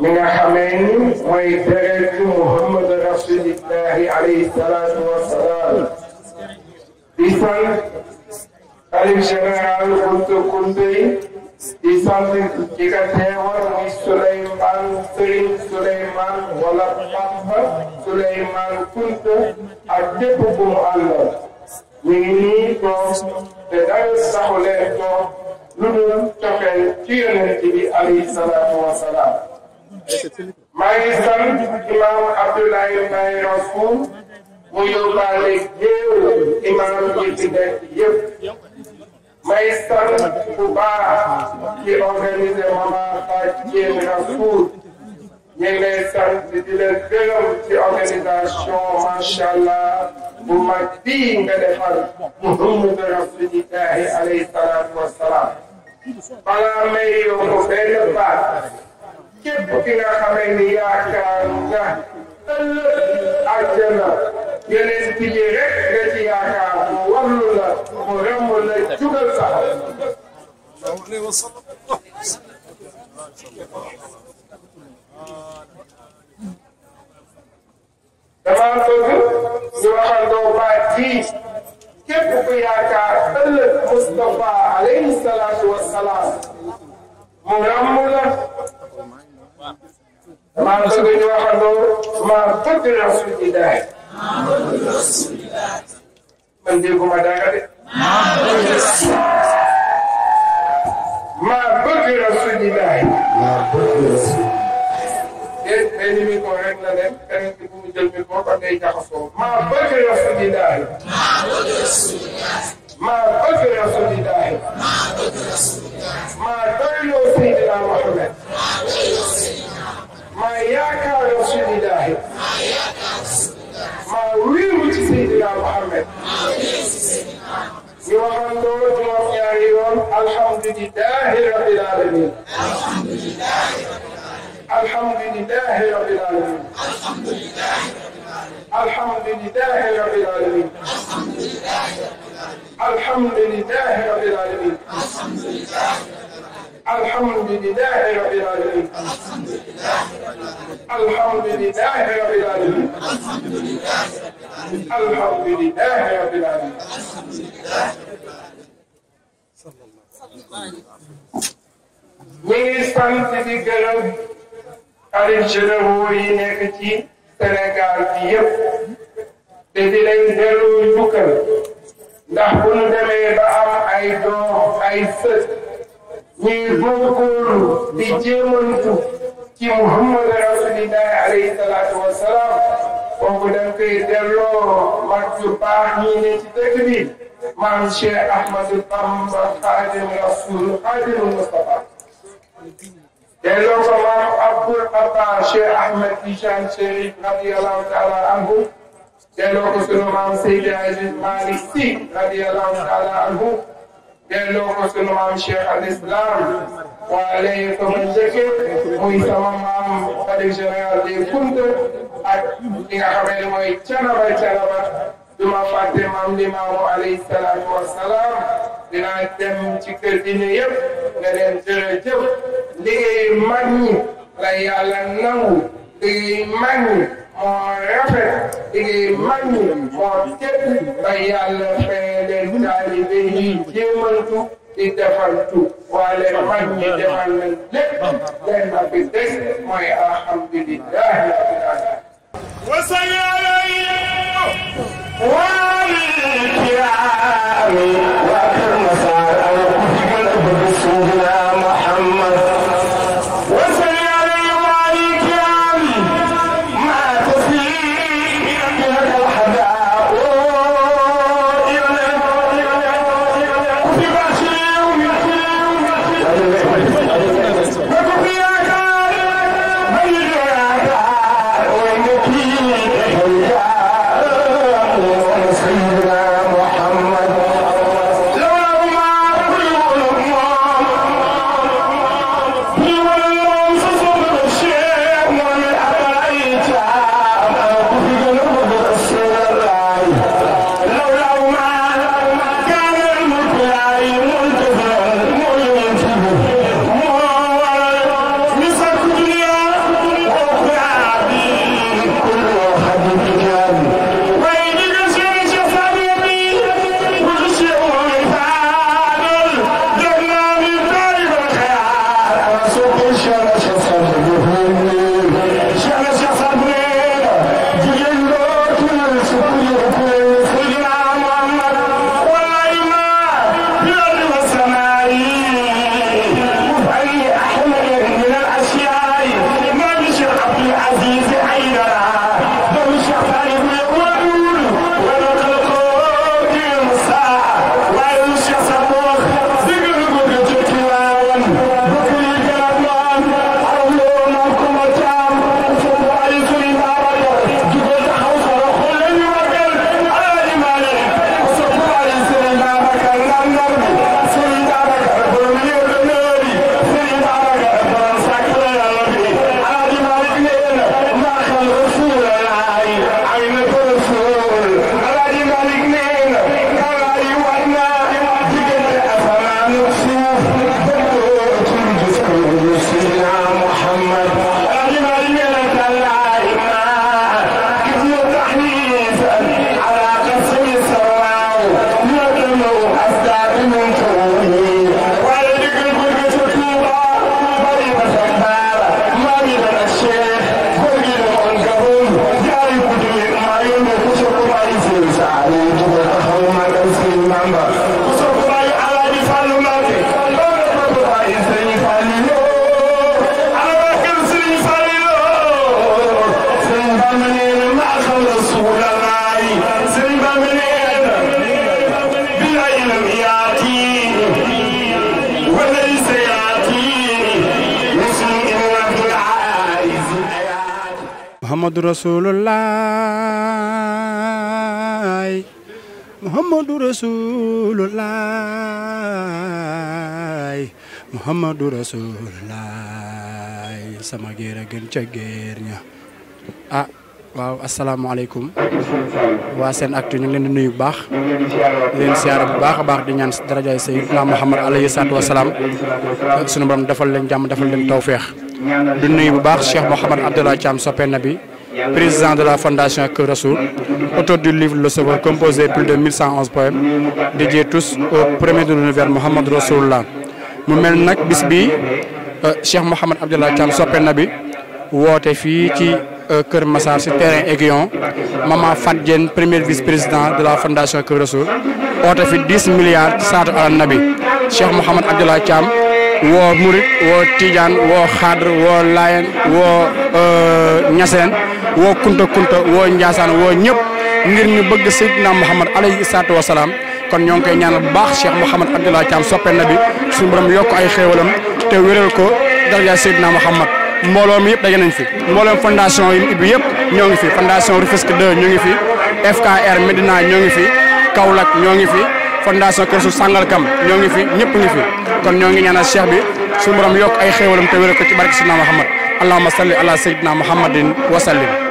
من حمين ويدرك محمد رسول الله عليه الصلاة والسلام إسان قريب شرعان قلت كنتي إسان تكتهور سليمان سليم سليمان ولد مطهر سليمان كنت أدبكم الله مني تو تدرس حليتو lu dul cofeel ci yonent bi alayhi salaatu wa salaam. maa ngi sant imaam Abdoulaye Mbaye mu yóbbaale géewu imaam yi fi nekk yëpp. may sant bu baax ci organiser Mama Fatou Dieng Rassoul ñu ngi lay sant di leen gërëm ci organisation salaam. balaa may yóbbu benn baat képp ki nga xamee ni yaakaar nga ëllëg àjjana yeneen bi rek nga ci yaakaar mu wallu la mu rëmm la jugal sax. damaa bëgg ñu waxandoo baat bii. képp ku yaakaar ëllëg Moustapha alayhi salaatu wa salaam mu ràmm la maa bëgg ñu waxandoo maa bëgg rasulillahi man dégguma dara de maa bëgg rasulillahi déedéet day limi ko rek la dem keneen ki bu mu jël mbir boo ko day jaxasoo maa bëgg rasulillahi maa bëgg rasulillahi maa bëgg rasulillahi maa bëgg rasulillahi maa doyloo Seydina Mohamed maa yaakaar rasulillahi maa wéeru ci Seydina Mohamed ñu waxandoo juróom ñaari yoon alhamdulillahi rabbil alamin alhamdulillahi الحمد لله رب العالمين الحمد لله رب العالمين الحمد لله رب العالمين الحمد لله رب العالمين الحمد لله رب العالمين الحمد لله الحمد لله رب العالمين الحمد لله رب العالمين الحمد لله رب العالمين الحمد لله رب العالمين صلى الله عليه وسلم xarit généraux yi nekk ci Sénégal bi yëpp te di leen dellu njukkal ndax bu demee ba ay doom ay sët ñuy góorgóorlu di jéemantu ci Muhammad rasulillahi alayhi salaatu wa salaam kooku dañ koy delloo mag yu baax ne ci dëkk bi maam Cheikh Ahmadou Bamba Xaadimu Rasul Xaadimu Mustafa دلو سلام أبو القطاع شيخ أحمد هشام شريف رضي الله تعالى عنه دلو سلام سيد عزيز مالك سي رضي الله تعالى عنه دلو سلام شيخ الإسلام وعليه تمسكت muy sama maam xadim général des Kunta ak li nga xamee ne mooy canaba canaba du ma fàtte maam li maamu alayhi salaatu wa salaam dinaa dem ci kër dine yëpp nga leen jërëjëf liggéeyu mag ñi la yàlla nangu liggéeyu mag ñi moo rafet liggéeyu mag ñi moo tëdd la yàlla feeñee taalibe yi jéemantu di defantu waale mag ñi defal na lépp lenn bi des mooy alhamdulillahi rabbil alamin وسيرى والكرام وكما Muhammad Rasulullah Muhammad Rasulullah Muhammad Rasulullah sama gere a gën ca géer ah waaw alaykum wa sen actu ñu ngi leen nuyu bax leen bu baax baax di ñaan darajaay Seydina Muhammad alayhi salatu wassalam sunu borom defal leen jamm defal leen tawfiq du nuyu bu baax Cheikh mohammed Abdallah cham soppe nabi président de la fondation Keur auteur du livre Le Sauveur composé plus de 1111 poèmes dédiés tous au premier de l'univers Mohamed Rasulullah mu mel nag Bisbi, euh, Cheikh Mohamed Abdallah Cham, Sopé Nabi, bi euh, terrain Aiguillon Maman Fadjen premier vice-président de la fondation Keur Rassoul 10 milliards de saatu nabi Cheikh Mohamed Abdallah Cham, wo Murit wo Tidiane wo Xadr Layen wo kunta kunta wo njaasan wo ñep ngir ñu bëgg sayyidina Muhammad alayhi salatu wasalaam kon ñong koy ñaanal bu baax Cheikh muhammad abdullah cham soppé nabi suñu borom yok ay xéewalam té wërël ko daraja sayyidina Muhammad mbolo mi yep daje nañ fi mbolo fondation yi ibi yep ñoo fi fondation Rufisque 2 ñoo fi FKR Medina ñoo fi kaulak ñoo fi fondation Kër sangal kam ñoo fi ñep ñi fi kon ñoo ngi ñaanal Cheikh bi suñu borom yok ay xéewalam té wërël ko ci barke sayyidina Muhammad allahumma salli ala sayyidina muhammadin wa sallim